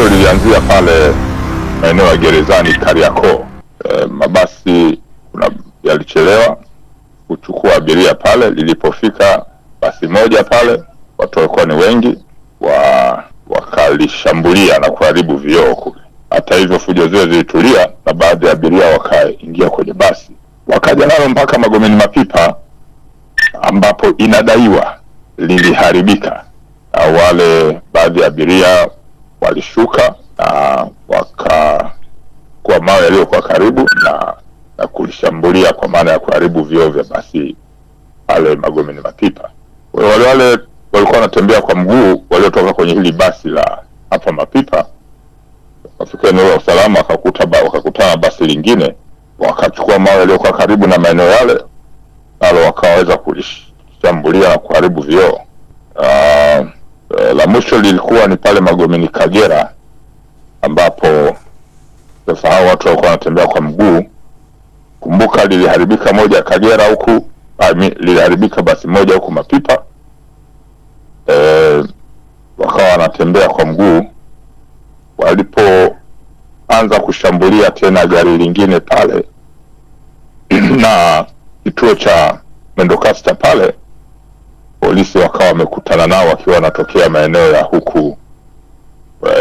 Tukio lilianzia pale maeneo ya gerezani Kariakoo. E, mabasi kuna yalichelewa kuchukua abiria pale. Lilipofika basi moja pale, watu walikuwa ni wengi wa, wakalishambulia na kuharibu vioo. Hata hivyo fujo zile zilitulia na baadhi ya abiria wakaingia kwenye basi wakaja nalo mpaka Magomeni Mapipa ambapo inadaiwa liliharibika na wale baadhi ya abiria walishuka na kwa mawe yaliyokuwa karibu na, na kulishambulia kwa maana ya kuharibu vioo vya basi pale Magomeni Mapipa. Wale wale walikuwa wanatembea kwa mguu waliotoka kwenye hili basi la hapa Mapipa wafika eneo la usalama wakakutana basi lingine wakachukua mawe yaliyokuwa karibu na maeneo yale, nalo wakaweza kulishambulia na kuharibu vioo. Ah, Eh, la mwisho lilikuwa ni pale Magomeni Kagera, ambapo sasa hao watu walikuwa wanatembea kwa mguu. Kumbuka liliharibika moja Kagera huku, ah, liliharibika basi moja huku Mapipa e, wakawa wanatembea kwa mguu. Walipoanza kushambulia tena gari lingine pale na kituo cha mwendokasi pale polisi wakawa wamekutana nao wakiwa wanatokea maeneo ya huku e,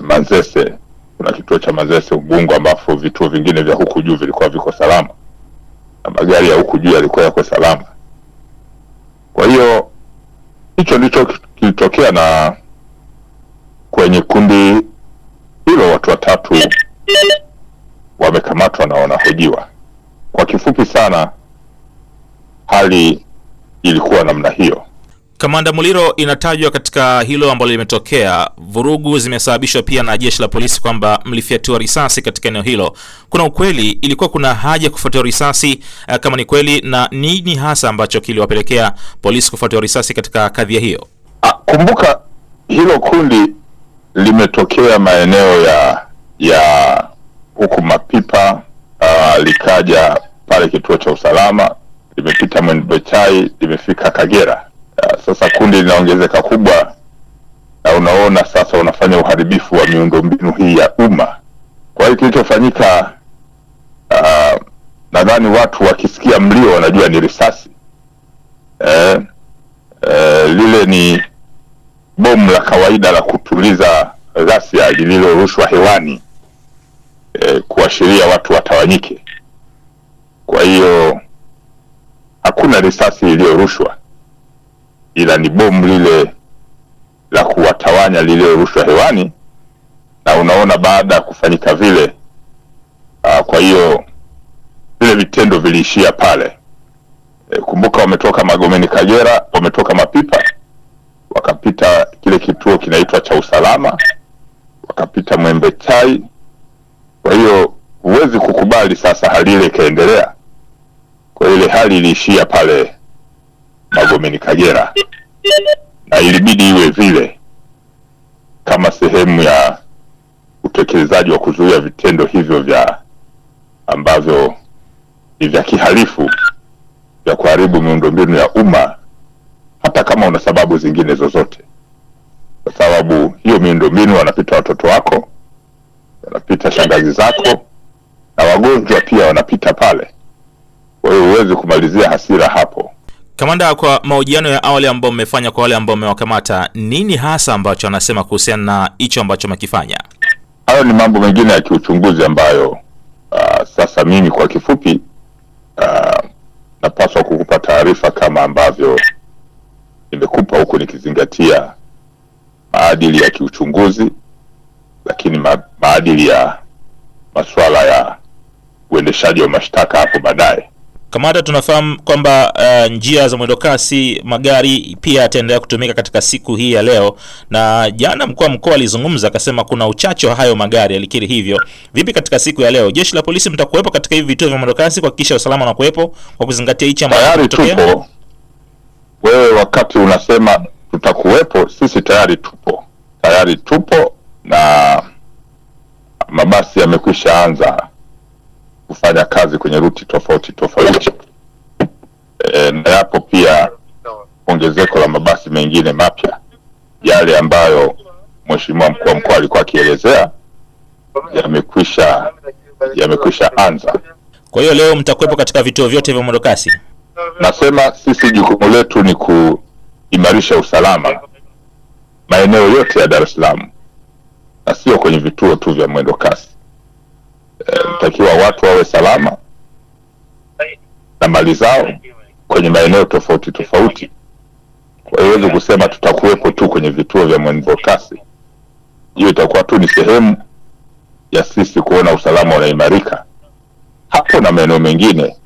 Manzese. Kuna kituo cha Manzese Ubungo, ambapo vituo vingine vya huku juu vilikuwa viko salama na magari ya huku juu yalikuwa yako salama. Kwa hiyo hicho ndicho kilitokea, na kwenye kundi hilo watu watatu wamekamatwa na wanahojiwa. Kwa kifupi sana hali ilikuwa namna hiyo. Kamanda Muliro, inatajwa katika hilo ambalo limetokea, vurugu zimesababishwa pia na jeshi la polisi kwamba mlifiatiwa risasi katika eneo hilo. Kuna ukweli, ilikuwa kuna haja ya kufuatia risasi eh, kama ni kweli, na nini hasa ambacho kiliwapelekea polisi kufuatia risasi katika kadhia hiyo? A, ah, kumbuka hilo kundi limetokea maeneo ya ya huku Mapipa, uh, likaja pale kituo cha usalama limepita Mwendochai limefika Kagera. Ah, sasa kundi linaongezeka kubwa, na unaona sasa unafanya uharibifu wa miundombinu hii ya umma. Kwa hiyo kilichofanyika, uh, nadhani watu wakisikia mlio wanajua ni risasi eh, eh, lile ni bomu la kawaida la kutuliza ghasia lililorushwa hewani eh, kuashiria watu watawanyike. Kwa hiyo hakuna risasi iliyorushwa ila ni bomu lile la kuwatawanya lililorushwa hewani, na unaona baada ya kufanyika vile. Aa, ah, kwa hiyo vile vitendo viliishia pale. E, kumbuka wametoka Magomeni Kagera, wametoka Mapipa, wakapita kile kituo kinaitwa cha usalama, wakapita Mwembe Chai. Kwa hiyo huwezi kukubali sasa hali ile ikaendelea serikali iliishia pale Magomeni Kagera, na ilibidi iwe vile kama sehemu ya utekelezaji wa kuzuia vitendo hivyo vya ambavyo ni vya kihalifu vya kuharibu miundombinu ya umma, hata kama una sababu zingine zozote, kwa sababu hiyo miundombinu wanapita watoto wako, wanapita shangazi zako na wagonjwa pia wanapita pale. Kwa hiyo huwezi kumalizia hasira hapo. Kamanda, kwa mahojiano ya awali ambao mmefanya kwa wale ambao mmewakamata, nini hasa ambacho anasema kuhusiana na hicho ambacho amekifanya? Hayo ni mambo mengine ya kiuchunguzi ambayo uh, sasa mimi kwa kifupi uh, napaswa kukupa taarifa kama ambavyo nimekupa, huku nikizingatia maadili ya kiuchunguzi, lakini ma maadili ya masuala ya uendeshaji wa mashtaka hapo baadaye kamata tunafahamu kwamba uh, njia za mwendo kasi magari pia yataendelea kutumika katika siku hii ya leo, na jana mkuu wa mkoa alizungumza akasema kuna uchache wa hayo magari, alikiri hivyo. Vipi katika siku ya leo, jeshi la polisi mtakuwepo katika hivi vituo vya mwendokasi kuhakikisha usalama unakuwepo kwa kuzingatia hichi ambacho kimetokea? Wewe wakati unasema tutakuwepo, sisi tayari tupo, tayari tupo na mabasi yamekwisha anza kufanya kazi kwenye ruti tofauti tofauti. E, na yapo pia ongezeko la mabasi mengine mapya yale ambayo mheshimiwa mkuu wa mkoa alikuwa akielezea yamekwisha yamekwisha anza. Kwa hiyo leo mtakuwepo katika vituo vyote vya mwendokasi? Nasema sisi jukumu letu ni kuimarisha usalama maeneo yote ya Dar es Salaam na sio kwenye vituo tu vya mwendokasi takiwa watu wawe salama na mali zao kwenye maeneo tofauti tofauti. Kwa hiyo kusema tutakuwepo tu kwenye vituo vya mwendokasi, hiyo itakuwa tu ni sehemu ya sisi kuona usalama unaimarika hapo na maeneo mengine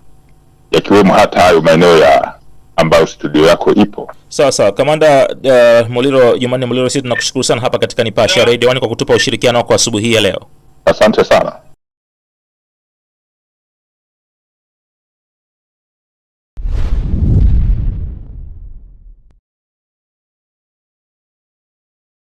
yakiwemo hata hayo maeneo ya ambayo studio yako ipo. Sawa sawa, Kamanda uh, Muliro Jumanne Muliro, sisi tunakushukuru sana hapa katika Nipashe Radio kwa kutupa ushirikiano wako asubuhi hii ya leo. Asante sana.